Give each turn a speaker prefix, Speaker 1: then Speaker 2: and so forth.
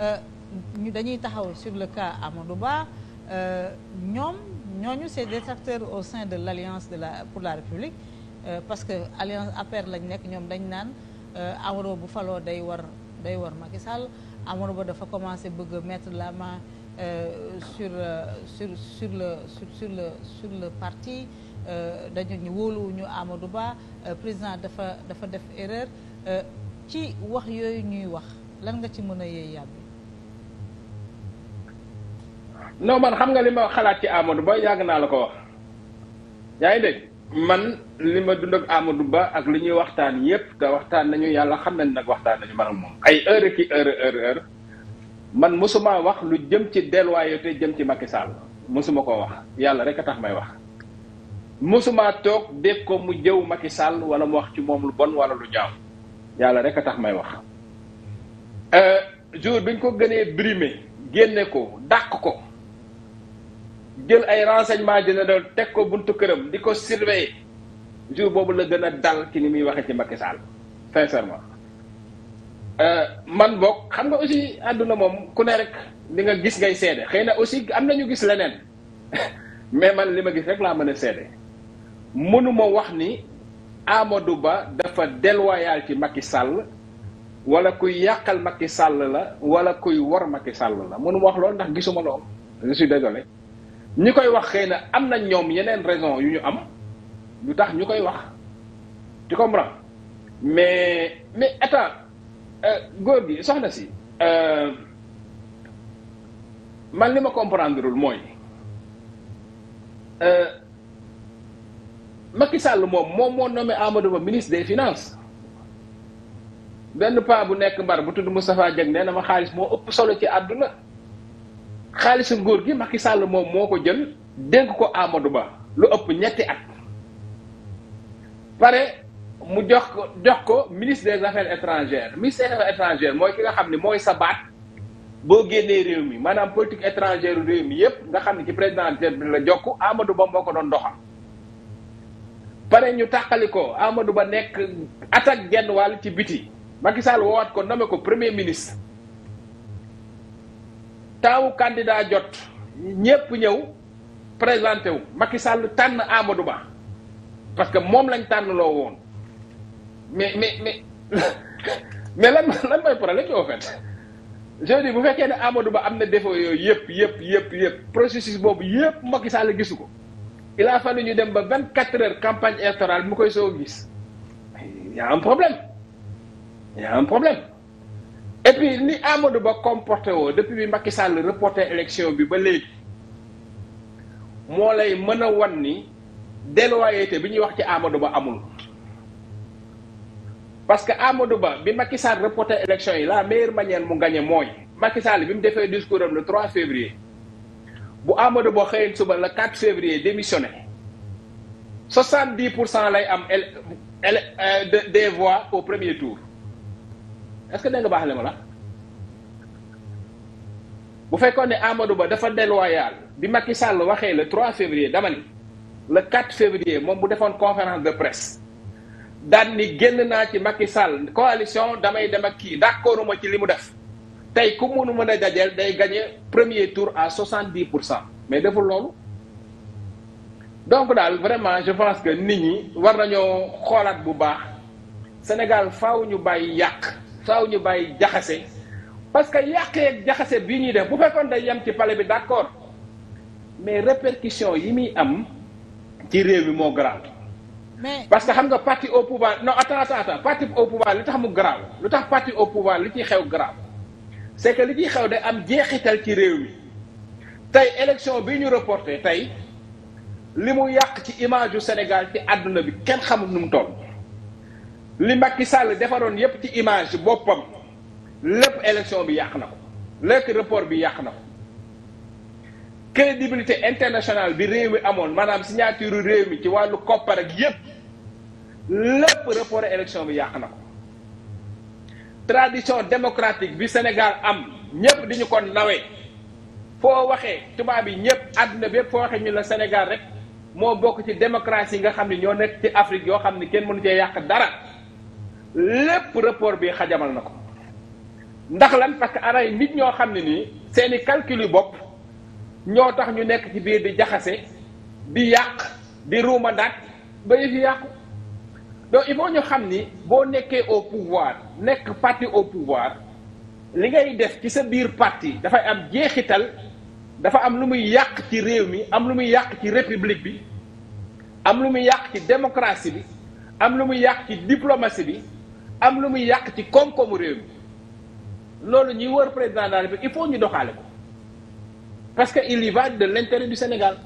Speaker 1: Euh, ñu dañuy taxaw sur le cas Amadou Ba euh, ñoom ñooñu c'est détracteurs au sein de l'alliance de la pour la République euh, parce que alliance APR e lañ nekk ñoom dañ naan Amadou bu faloo day war day war Macky Sall Amadou Ba dafa commencé bëgg mettre la main sur sur sur le sur sur le sur le parti dañu ñu wóoluwuñu Amadou Ba président dafa dafa def erreur ci wax yooyu ñuy wax lan nga ci mën a yee yàbbi non man xam nga li ma xalaat ci Amadou Ba yàgg naa la ko wax yaa ngi dégg man li ma dund ak Amadou Ba ak li ñuy waxtaan yépp te waxtaan nañu yàlla xam nañ nag waxtaan nañu man ak moom ay heure ki heure heure heure man mosuma wax lu jëm ci delluwaay te jëm ci Macky Sall mosuma koo wax yàlla rek a tax may wax mosuma toog dégg ko mu jëw makki Sall wala mu wax ci moom lu bon wala lu ñaaw yàlla rek a tax may wax euh, jour biñ ko gënee brimer génne ko dàq ko jël ay renseignement dina doon teg ko buntu këram di ko surveiller jour boobu la gën a dal ki ni muy waxee ci Macky Sall sincèrement euh, man book xam nga aussi àdduna moom ku ne rek li nga gis ngay seede xëy na aussi am nañu gis leneen mais man li ma gis rek laa mën a seede mënuma wax ni Amadou Ba dafa déloyal ci Macky sàll wala kuy yàqal Macky sàll la wala kuy wor Macky sàll la mënuma wax loolu ndax gisuma loolu je suis désolé ñi koy wax xëy na am na ñoom yeneen raison yu ñu am lu tax ñu koy wax tu comprends mais mais attends euh, góor gi soxna si euh, man li ma comprendreul mooy euh, Macky sàll moom moom moo nommé Amadou Ba ministre des finance benn paa bu nekk mbar bu tudd Moustapha Jeg nee na ma xaalis moo ëpp solo ci àdduna xaalisu nguur gi Macky Sall moom moo ko jël dénk ko Amadou Ba lu ëpp ñetti at pare mu jox ko jox ko ministre des affaires étrangères ministre des affaires étrangères mooy ki nga xam ne mooy sa baat boo génnee réew mi maanaam politique étrangère réew mi yépp nga xam ne ci président bi la jokk Amadou Ba moo ko doon doxal pare ñu tàqali ko Amadou Ba nekk attaque genn wàll ci biti Macky Sall woowaat ko nommé ko premier ministre taawu candidat jot ñépp ñëw présenté wu Macky Sall tànn Amadou Ba parce que moom lañ tànn loo woon mais mais mais mais lan lan mooy problème au fait je dis bu fekkee ne Amadou Ba am na défaut yooyu yëpp yëpp yëpp yëpp processus boobu yëpp Macky Sall gisu ko il a fallu ñu dem ba vingt quatre heures campagne électorale mu koy soo gis y a un problème y a un problème puis ni Amadou Ba comporté woo depuis bi Macky Sall reporté élection bi ba léegi moo lay mën a wan ni déloyauté bi ñuy wax ci Amadou Ba amul parce que Amadou Ba bi Macky Sall reporté élection yi la maire manière mu gagné mooy Macky Sall bi mu defee discours am le 3 février bu Amadou Ba xëyoon suba le 4 février démissionné 70 pour cent lay am euh, des voix au premier tour est-ce baax le ma la bu fekkoon ne Amadou Ba dafa déloyal bi Macky Sall waxee la 3 février dama la le 4 février moom bu defoon conférence de presse daan ni génn naa ci Macky Sall coalition damay dem ak kii d'accorduma ci li mu def tey ku mënu mën a dajeel day gagné premier tour à 70 pour cent mais deful loolu donc daal vraiment je pense que nit ñi war nañoo xoolaat bu baax Sénégal faw ñu bàyyi yàq faaw ñu bàyyi jaxase. parce que yàqeeg jaxase bi ñuy def bu fekkoon day yem ci palais bi d'accord mais répercussion yi muy am ci réew mi moo grave mais parce que xam nga parti au pouvoir non attends attends attends parti au pouvoir li tax mu grave lu tax parti au pouvoir li ciy xew grave c'est que li ciy xew day am jeexital ci réew mi tey élection bi ñu reporté tey li mu yàq ci image yu Sénégal ci àdduna bi kenn xamul nu mu toll li Macky Sall defaroon yépp ci image boppam lépp élection bi yàq na ko lekk report bi yàq na ko crédibilité internationale bi réew mi amoon maanaam signature réew mi ci wàllu koppar ak yépp lépp report élection bi yàq na ko tradition démocratique bi Sénégal am ñépp di ñu ko nawee foo waxee tubaab yi ñépp àdduna bépp foo waxee ñu la Sénégal rek moo bokk ci démocratie nga xam ne ñoo nekk ci Afrique yoo xam ne kenn mënu cee yàq dara lépp report bi xajamal na ko ndax lan parce que ana nit ñoo xam ne nii seeni i yu bopp ñoo tax ñu nekk ci biir bi jaxase bi yàq di ruuma daat ba yëf yi yàqu donc il faut ñu xam ni boo nekkee au pouvoir nekk parti au pouvoir li ngay def ci sa biir parti dafay am jeexital dafa am lu muy yàq ci réew mi am lu muy yàq ci république bi am lu muy yàq ci démocratie bi am lu muy yàq ci diplomatie bi am lu muy yàq ci koom-koomu réew mi loolu ñuy wër président de il faut ñu doxaale ko parce que il y va de l'intérêt du Sénégal